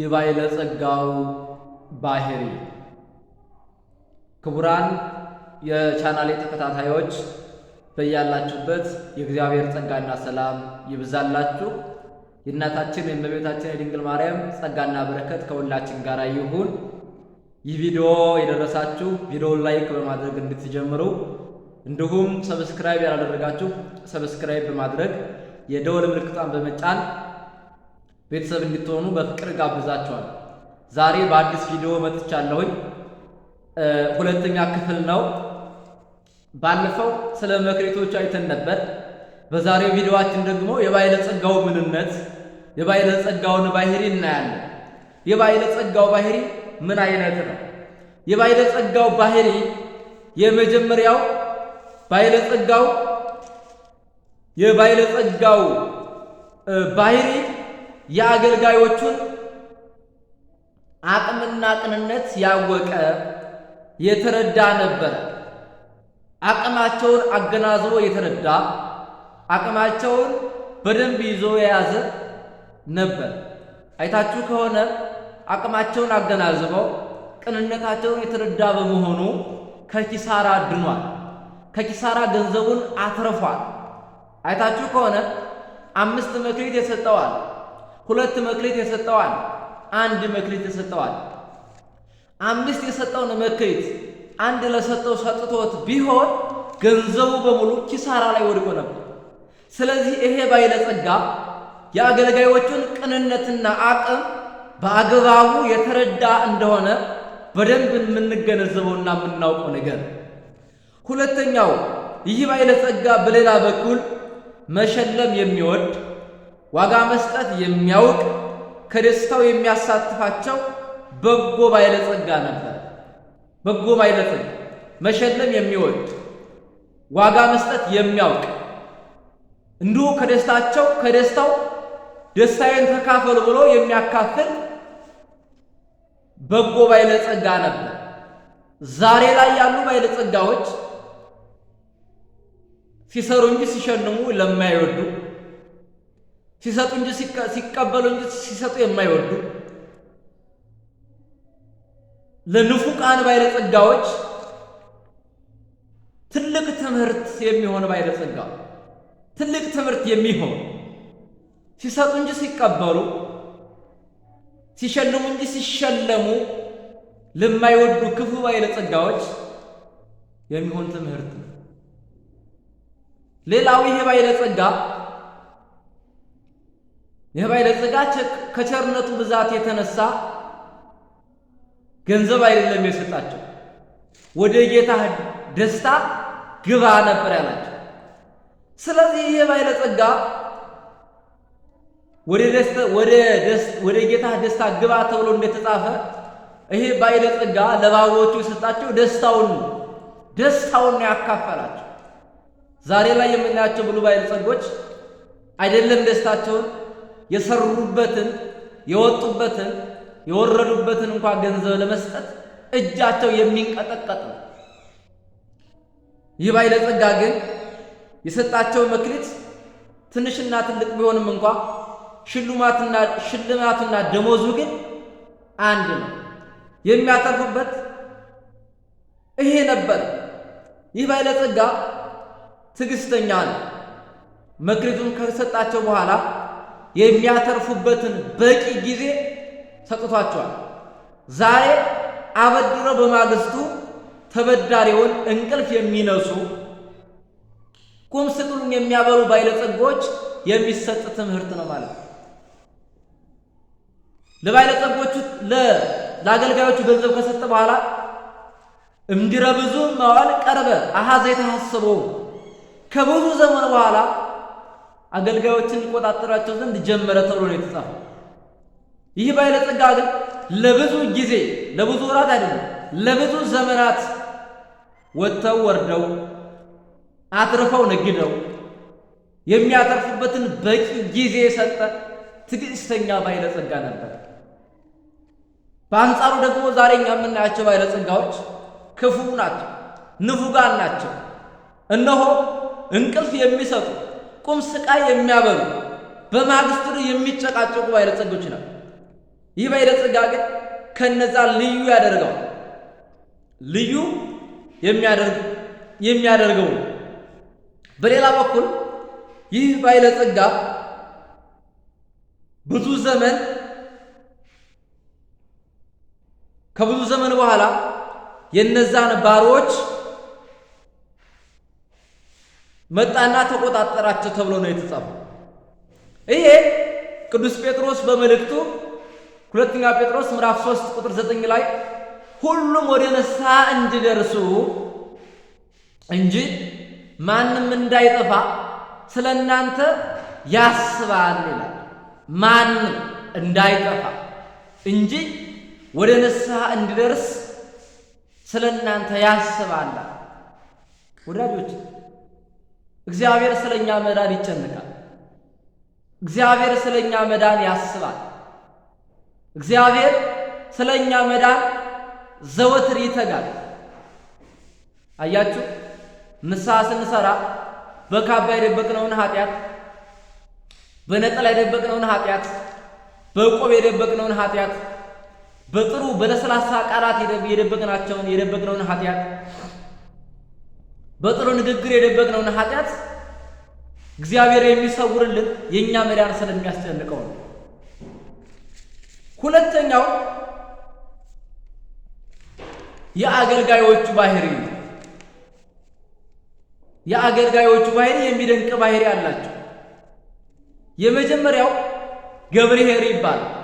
የባለጸጋው ባህሪ። ክቡራን የቻናሌ ተከታታዮች በያላችሁበት የእግዚአብሔር ጸጋና ሰላም ይብዛላችሁ። የእናታችን የእመቤታችን የድንግል ማርያም ጸጋና በረከት ከሁላችን ጋር ይሁን። ይህ ቪዲዮ የደረሳችሁ ቪዲዮውን ላይክ በማድረግ እንድትጀምሩ እንዲሁም ሰብስክራይብ ያላደረጋችሁ ሰብስክራይብ በማድረግ የደወል ምልክቷን በመጫን ቤተሰብ እንድትሆኑ በፍቅር ጋብዛቸዋል። ዛሬ በአዲስ ቪዲዮ መጥቻለሁኝ። ሁለተኛ ክፍል ነው። ባለፈው ስለ መክሊቶች አይተን ነበር። በዛሬው ቪዲዮአችን ደግሞ የባይለ ጸጋው ምንነት፣ ጸጋውን ባህሪ እናያለን። የባይለ ጸጋው ባህሪ ምን አይነት ነው? የባይለ ጸጋው ባህሪ የመጀመሪያው የባይለ ጸጋው ባህሪ የአገልጋዮቹን አቅምና ቅንነት ያወቀ የተረዳ ነበረ። አቅማቸውን አገናዝቦ የተረዳ አቅማቸውን በደንብ ይዞ የያዘ ነበር። አይታችሁ ከሆነ አቅማቸውን አገናዝበው ቅንነታቸውን የተረዳ በመሆኑ ከኪሳራ ድኗል። ከኪሳራ ገንዘቡን አትርፏል። አይታችሁ ከሆነ አምስት መክሊት የሰጠዋል ሁለት መክሊት የሰጠዋል፣ አንድ መክሊት የሰጠዋል። አምስት የሰጠውን መክሊት አንድ ለሰጠው ሰጥቶት ቢሆን ገንዘቡ በሙሉ ኪሳራ ላይ ወድቆ ነበር። ስለዚህ ይሄ ባለጸጋ የአገልጋዮቹን ቅንነትና አቅም በአግባቡ የተረዳ እንደሆነ በደንብ የምንገነዘበውና የምናውቀው ነገር። ሁለተኛው ይህ ባለጸጋ በሌላ በኩል መሸለም የሚወድ ዋጋ መስጠት የሚያውቅ ከደስታው የሚያሳትፋቸው በጎ ባለጸጋ ነበር። በጎ ባለጸጋ መሸለም የሚወድ ዋጋ መስጠት የሚያውቅ እንዲሁ ከደስታቸው ከደስታው ደስታዬን ተካፈሉ ብሎ የሚያካፍል በጎ ባለጸጋ ነበር። ዛሬ ላይ ያሉ ባለጸጋዎች ሲሰሩ እንጂ ሲሸልሙ ለማይወዱ ሲሰጡ እንጂ ሲቀበሉ እንጂ ሲሰጡ የማይወዱ ለንፉቃን ባለጸጋዎች ትልቅ ትምህርት የሚሆን ባለጸጋ ትልቅ ትምህርት የሚሆን ሲሰጡ እንጂ ሲቀበሉ ሲሸልሙ እንጂ ሲሸለሙ ለማይወዱ ክፉ ባለጸጋዎች የሚሆን ትምህርት ነው። ሌላው ይሄ ባለጸጋ ይህ ባይለጸጋ ከቸርነቱ ብዛት የተነሳ ገንዘብ አይደለም የሰጣቸው፣ ወደ ጌታ ደስታ ግባ ነበር ያላቸው። ስለዚህ ይህ ባይለጸጋ ወደ ጌታ ደስታ ግባ ተብሎ እንደተጻፈ ይሄ ባይለጸጋ ለባቦቹ የሰጣቸው ደስታውን ደስታውን ያካፈላቸው። ዛሬ ላይ የምናያቸው ብሉ ባይለጸጎች አይደለም ደስታቸውን የሰሩበትን የወጡበትን የወረዱበትን እንኳ ገንዘብ ለመስጠት እጃቸው የሚንቀጠቀጥ ነው። ይህ ባለጸጋ ግን የሰጣቸው መክሊት ትንሽና ትልቅ ቢሆንም እንኳ ሽልማትና ሽልማቱና ደሞዙ ግን አንድ ነው። የሚያተርፉበት ይሄ ነበር። ይህ ባለጸጋ ትዕግስተኛ ነው። መክሊቱን ከሰጣቸው በኋላ የሚያተርፉበትን በቂ ጊዜ ሰጥቷቸዋል። ዛሬ አበድሮ በማግስቱ ተበዳሪውን እንቅልፍ የሚነሱ ቁምስቅሉን የሚያበሉ ባለጸጎች የሚሰጥ ትምህርት ነው ማለት ነው። ለባለጸጎቹ ለአገልጋዮቹ ገንዘብ ከሰጠ በኋላ እምድረ ብዙ መዋል ቀርበ አሃ ከብዙ ዘመን በኋላ አገልጋዮችን ቆጣጠራቸው ዘንድ ጀመረ ተብሎ ነው የተጻፈው። ይህ ባለጸጋ ግን ለብዙ ጊዜ ለብዙ ወራት አይደለም ለብዙ ዘመናት ወጥተው ወርደው አትርፈው ነግደው የሚያተርፉበትን በቂ ጊዜ የሰጠ ትዕግስተኛ ባለጸጋ ነበር። በአንጻሩ ደግሞ ዛሬ እኛ የምናያቸው ባለጸጋዎች ክፉ ናቸው፣ ንፉጋን ናቸው። እነሆ እንቅልፍ የሚሰጡ ቁም ስቃይ የሚያበሉ በማግስቱ የሚጨቃጨቁ ባይለጸጎች ነው። ይህ ባይለጸጋ ግን ከነዛ ልዩ ያደርገዋል። ልዩ የሚያደርገው ነው። በሌላ በኩል ይህ ባይለጸጋ ብዙ ዘመን ከብዙ ዘመን በኋላ የነዛን ባሮች መጣና ተቆጣጠራቸው ተብሎ ነው የተጻፈው። ይሄ ቅዱስ ጴጥሮስ በመልእክቱ ሁለተኛ ጴጥሮስ ምዕራፍ 3 ቁጥር 9 ላይ ሁሉም ወደ ንስሐ እንዲደርሱ እንጂ ማንም እንዳይጠፋ ስለ እናንተ ያስባል ይላል። ማንም እንዳይጠፋ እንጂ ወደ ንስሐ እንዲደርስ ስለ እናንተ ያስባል ወዳጆች እግዚአብሔር ስለ እኛ መዳን ይጨነቃል። እግዚአብሔር ስለ እኛ መዳን ያስባል። እግዚአብሔር ስለ እኛ መዳን ዘወትር ይተጋል። አያችሁ፣ ምሳ ስንሰራ በካባ የደበቅነውን ኃጢአት፣ በነጠላ የደበቅነውን ኃጢአት፣ በቆብ የደበቅነውን ኃጢአት፣ በጥሩ በለስላሳ ቃላት የደበቅናቸውን የደበቅነውን ኃጢአት በጥሩ ንግግር የደበቅነውን ኃጢአት እግዚአብሔር የሚሰውርልን የእኛ መዳን ስለሚያስጨንቀው ነው። ሁለተኛው የአገልጋዮቹ ባህሪ ነው። የአገልጋዮቹ ባህሪ የሚደንቅ ባህሪ አላቸው። የመጀመሪያው ገብርሄር ይባላል።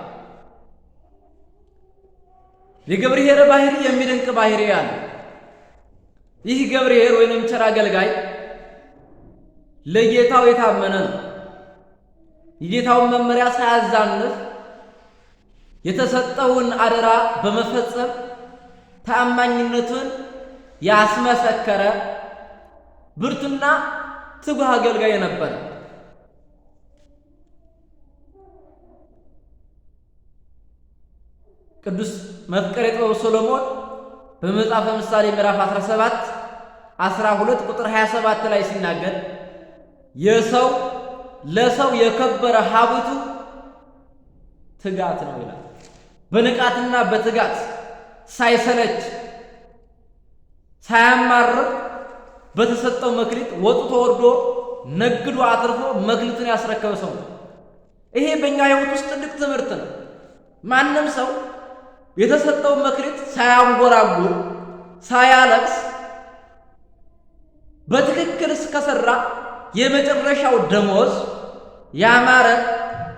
የገብርሄር ባህሪ የሚደንቅ ባህሪ አለ። ይህ ገብርኄር ወይንም ቸር አገልጋይ ለጌታው የታመነ ነው። የጌታውን መመሪያ ሳያዛንፍ የተሰጠውን አደራ በመፈጸም ታማኝነቱን ያስመሰከረ ብርቱና ትጉህ አገልጋይ ነበረ። ቅዱስ መፍቀሬ ጥበብ ሶሎሞን በመጽሐፈ ምሳሌ ምዕራፍ 17 12 ቁጥር 27 ላይ ሲናገር የሰው ለሰው የከበረ ሀብቱ ትጋት ነው ይላል። በንቃትና በትጋት ሳይሰለች ሳያማርር በተሰጠው መክሊት ወጥቶ ወርዶ ነግዶ አትርፎ መክሊቱን ያስረከበ ሰው ነው። ይሄ በእኛ ሕይወት ውስጥ ትልቅ ትምህርት ነው። ማንም ሰው የተሰጠው መክሊት ሳያንጎራጉር፣ ሳያለቅስ በትክክል እስከሰራ የመጨረሻው ደሞዝ ያማረ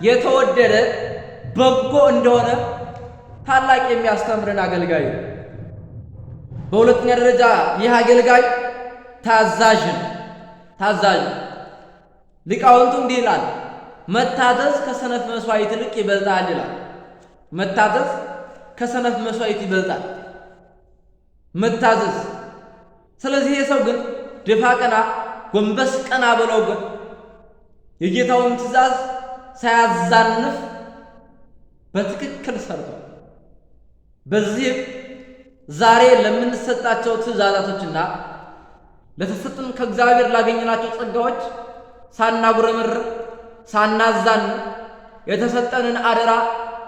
የተወደደ በጎ እንደሆነ ታላቅ የሚያስተምርን አገልጋይ ነው። በሁለተኛ ደረጃ ይህ አገልጋይ ታዛዥ ታዛዥ ሊቃውንቱ እንዲህ ይላል፣ መታዘዝ ከሰነፍ መስዋዕት ይልቅ ይበልጣል ይላል። መታዘዝ ከሰነፍ መስዋዕት ይበልጣል መታዘዝ። ስለዚህ የሰው ግን ደፋ ቀና ጎንበስ ቀና ብለው የጌታውን ትእዛዝ ሳያዛንፍ በትክክል ሰርቷል። በዚህም ዛሬ ለምንሰጣቸው ትእዛዛቶችና ለተሰጡን ከእግዚአብሔር ላገኘናቸው ጸጋዎች ሳናጉረምር ሳናዛን የተሰጠንን አደራ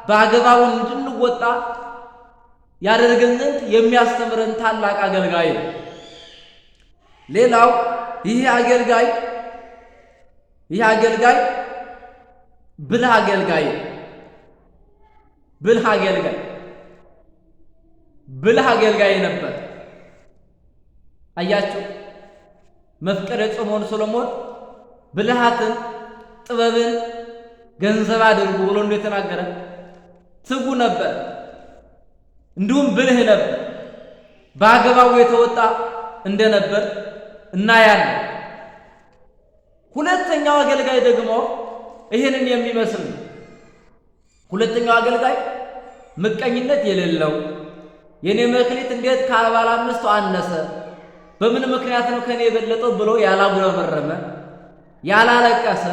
በአግባቡ እንድንወጣ ያደርገን ዘንድ የሚያስተምረን ታላቅ አገልጋይ ነው። ሌላው ይህ አገልጋይ ይህ አገልጋይ ብልህ አገልጋይ ብልህ አገልጋይ ብልህ አገልጋይ ነበር። አያችሁ መፍቀደ ጽሞን ሰሎሞን ብልሃትን ጥበብን ገንዘብ አድርጉ ብሎ እንደ ተናገረ ትጉ ነበር፣ እንዲሁም ብልህ ነበር በአገባው የተወጣ እንደነበር እናያለን። ሁለተኛው አገልጋይ ደግሞ ይህንን የሚመስል ነው። ሁለተኛው አገልጋይ ምቀኝነት የሌለው የኔ መክሊት እንዴት ከአባል አምስቱ አነሰ፣ በምን ምክንያት ነው ከኔ የበለጠው ብሎ ያላጉረመረመ፣ ያላለቀሰ፣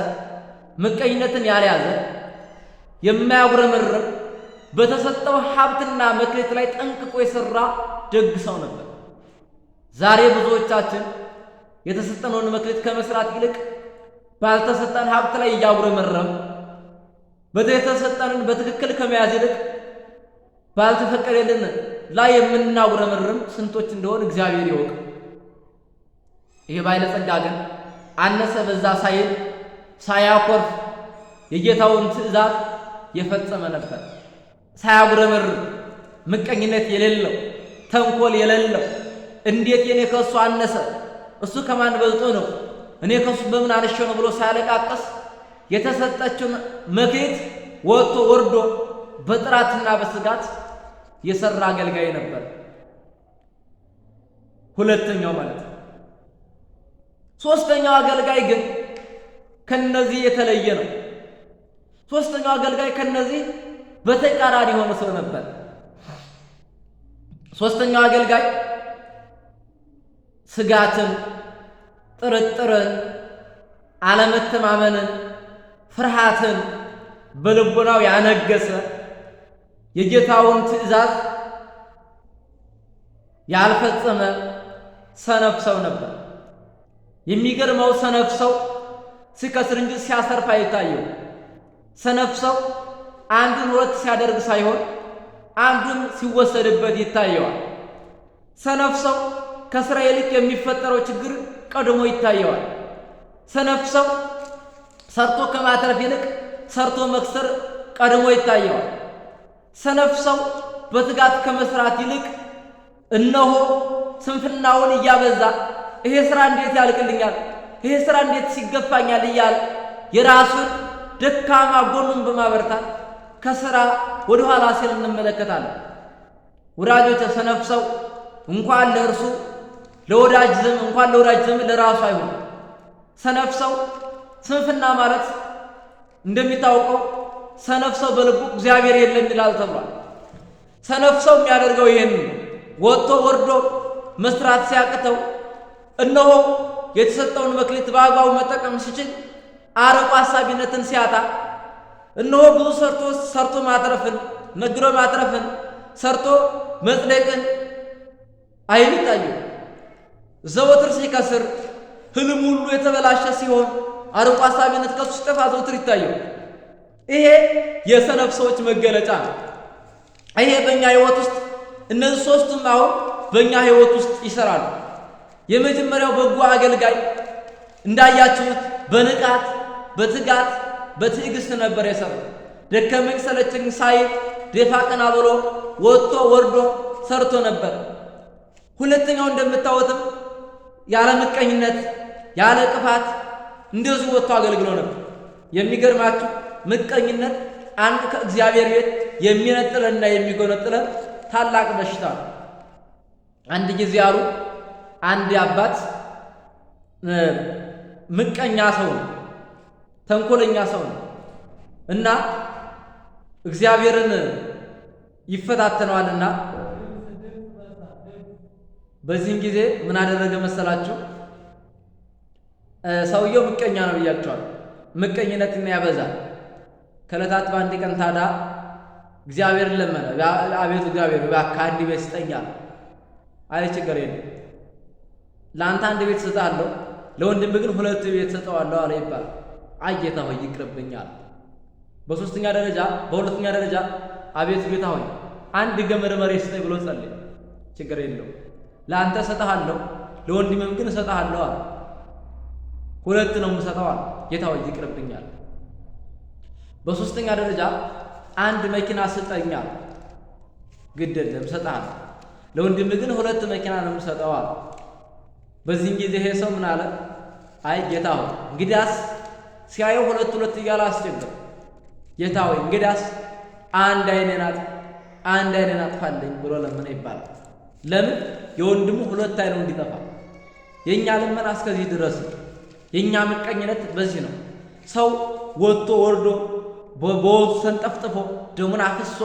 ምቀኝነትን ያልያዘ፣ የማያጉረመርም በተሰጠው ሀብትና መክሊት ላይ ጠንቅቆ የሰራ ደግ ሰው ነበር። ዛሬ ብዙዎቻችን የተሰጠነውን መክሊት ከመስራት ይልቅ ባልተሰጠን ሀብት ላይ እያጉረመረም የተሰጠንን በትክክል ከመያዝ ይልቅ ባልተፈቀደልን ላይ የምናጉረመርም ስንቶች እንደሆን እግዚአብሔር ይወቅ። ይህ ባለጸጋ ግን አነሰ በዛ ሳይል ሳያኮርፍ የጌታውን ትእዛዝ የፈጸመ ነበር። ሳያጉረመርም ምቀኝነት የሌለው ተንኮል የሌለው እንዴት የኔ ከእሱ አነሰ? እሱ ከማን በልጦ ነው? እኔ ከእሱ በምን አንሼ ነው ብሎ ሳያለቃቀስ የተሰጠችውን መክሊት ወጥቶ ወርዶ በጥራትና በስጋት የሰራ አገልጋይ ነበር። ሁለተኛው ማለት ነው። ሶስተኛው አገልጋይ ግን ከነዚህ የተለየ ነው። ሶስተኛው አገልጋይ ከነዚህ በተቃራኒ የሆነ ሰው ነበር። ሶስተኛው አገልጋይ ስጋትን፣ ጥርጥርን፣ አለመተማመንን፣ ፍርሃትን በልቦናው ያነገሰ የጌታውን ትእዛዝ ያልፈጸመ ሰነፍ ሰው ነበር። የሚገርመው ሰነፍ ሰው ሲከስር እንጂ ሲያሰርፍ አይታየው። ሰነፍ ሰው አንዱን ሁለት ሲያደርግ ሳይሆን አንዱን ሲወሰድበት ይታየዋል። ሰነፍ ሰው ከስራ ይልቅ የሚፈጠረው ችግር ቀድሞ ይታየዋል። ሰነፍ ሰው ሰርቶ ከማትረፍ ይልቅ ሰርቶ መክሰር ቀድሞ ይታየዋል። ሰነፍ ሰው በትጋት ከመስራት ይልቅ እነሆ ስንፍናውን እያበዛ ይሄ ስራ እንዴት ያልቅልኛል፣ ይሄ ስራ እንዴት ሲገፋኛል እያለ የራሱን ደካማ ጎኑን በማበርታት ከስራ ወደ ኋላ ሲል እንመለከታለን። ወዳጆች ሰነፍ ሰው እንኳን ለእርሱ ለወዳጅ ዘመን እንኳን ለወዳጅ ዘመን ለራሱ አይሆን ሰነፍ ሰው ስንፍና ማለት እንደሚታወቀው ሰነፍ ሰው በልቡ እግዚአብሔር የለም ይላል ተብሏል። ሰነፍ ሰው የሚያደርገው ይሄን ወጥቶ ወርዶ መስራት ሲያቅተው እነሆ የተሰጠውን መክሊት በአግባቡ መጠቀም ሲችል አርቆ አሳቢነትን ሲያጣ እነሆ ብዙ ሰርቶ ሰርቶ ማትረፍን ነግሮ ማትረፍን ሰርቶ መጽደቅን አይን ዘወትር ሲከስር ህልም ሁሉ የተበላሸ ሲሆን አርቆ አሳቢነት ከሱ ሲጠፋ ዘወትር ይታየው። ይሄ የሰነፍ ሰዎች መገለጫ ነው። ይሄ በእኛ ህይወት ውስጥ እነዚህ ሶስቱም አሁን በእኛ ህይወት ውስጥ ይሰራሉ። የመጀመሪያው በጎ አገልጋይ እንዳያችሁት በንቃት በትጋት በትዕግስት ነበር የሰራው። ደከመኝ ሰለቸኝ ሳይል ደፋ ቀና ብሎ ወጥቶ ወርዶ ሰርቶ ነበር። ሁለተኛው እንደምታወትም ያለ ምቀኝነት ያለ ቅፋት እንደዚህ ወጥቶ አገልግሎ ነበር። የሚገርማችሁ ምቀኝነት አንድ ከእግዚአብሔር ቤት የሚነጥለንና የሚጎነጥለን ታላቅ በሽታ ነው። አንድ ጊዜ አሉ አንድ አባት ምቀኛ ሰው ነው፣ ተንኮለኛ ሰው ነው እና እግዚአብሔርን ይፈታተነዋልና በዚህን ጊዜ ምን አደረገ መሰላችሁ? ሰውየው ምቀኛ ነው ብያቸዋል። ምቀኝነትን ያበዛል። ከእለታት በአንድ ቀን ታዳ እግዚአብሔር ለመነ። አቤቱ እግዚአብሔር እባክህ አንድ ቤት ስጠኛ። አይ ችግር የለም ለአንተ አንድ ቤት እሰጥሃለሁ፣ ለወንድም ግን ሁለት ቤት እሰጠዋለሁ አለ ይባል። አይ ጌታ ሆይ ይቅርብኝ በሶስተኛ ደረጃ በሁለተኛ ደረጃ አቤቱ ጌታ ሆይ አንድ ገመድ መሬት ስጠኝ ብሎ ጸልይ። ችግር የለው ለአንተ እሰጥሃለሁ፣ ለወንድምም ግን እሰጥሃለሁ አለ። ሁለት ነው የምሰጠው አለ። ጌታ ሆይ ይቅርብኛል። በሶስተኛ ደረጃ አንድ መኪና ስጠኝ አለ። ግድ የለም እሰጥሃለሁ፣ ለወንድም ግን ሁለት መኪና ነው የምሰጠው አለ። በዚህም ጊዜ ይሄ ሰው ምን አለ? አይ ጌታ ሆይ እንግዲያስ ሲያየው ሁለት ሁለት እያለ አስቸግር ጌታ ሆይ እንግዲያስ አንድ አይኔን አንድ አይኔን አጥፋልኝ ብሎ ለምን ይባላል። ለምን የወንድሙ ሁለት አይኑ እንዲጠፋ። የእኛ ልመና እስከዚህ ድረስ የእኛ ምቀኝነት በዚህ ነው። ሰው ወጥቶ ወርዶ በወዙ ሰንጠፍጥፎ ደሙን አፍሶ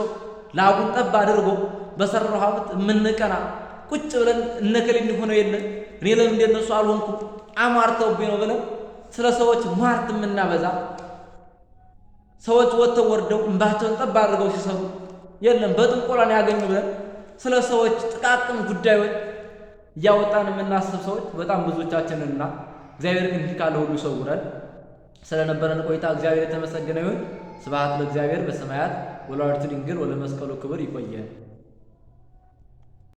ላቡን ጠብ አድርጎ በሰራው ሀብት የምንቀና ቁጭ ብለን እነክል እንዲሆነው የለን እኔ ለምን እንደነሱ አልሆንኩ አማርተውብኝ ነው ብለን ስለ ሰዎች ማርት የምናበዛ ሰዎች ወጥተው ወርደው እንባቸውን ጠብ አድርገው ሲሰሩ የለም በጥንቆላን ያገኙ ብለን ስለ ሰዎች ጥቃቅን ጉዳዮች እያወጣን የምናስብ ሰዎች በጣም ብዙዎቻችንና እግዚአብሔር ግን ካለ ሁሉ ይሰውረን። ስለነበረን ቆይታ እግዚአብሔር የተመሰገነ ይሁን። ስብሐት ለእግዚአብሔር በሰማያት ወለወላዲቱ ድንግል ወለመስቀሉ ክብር። ይቆየን።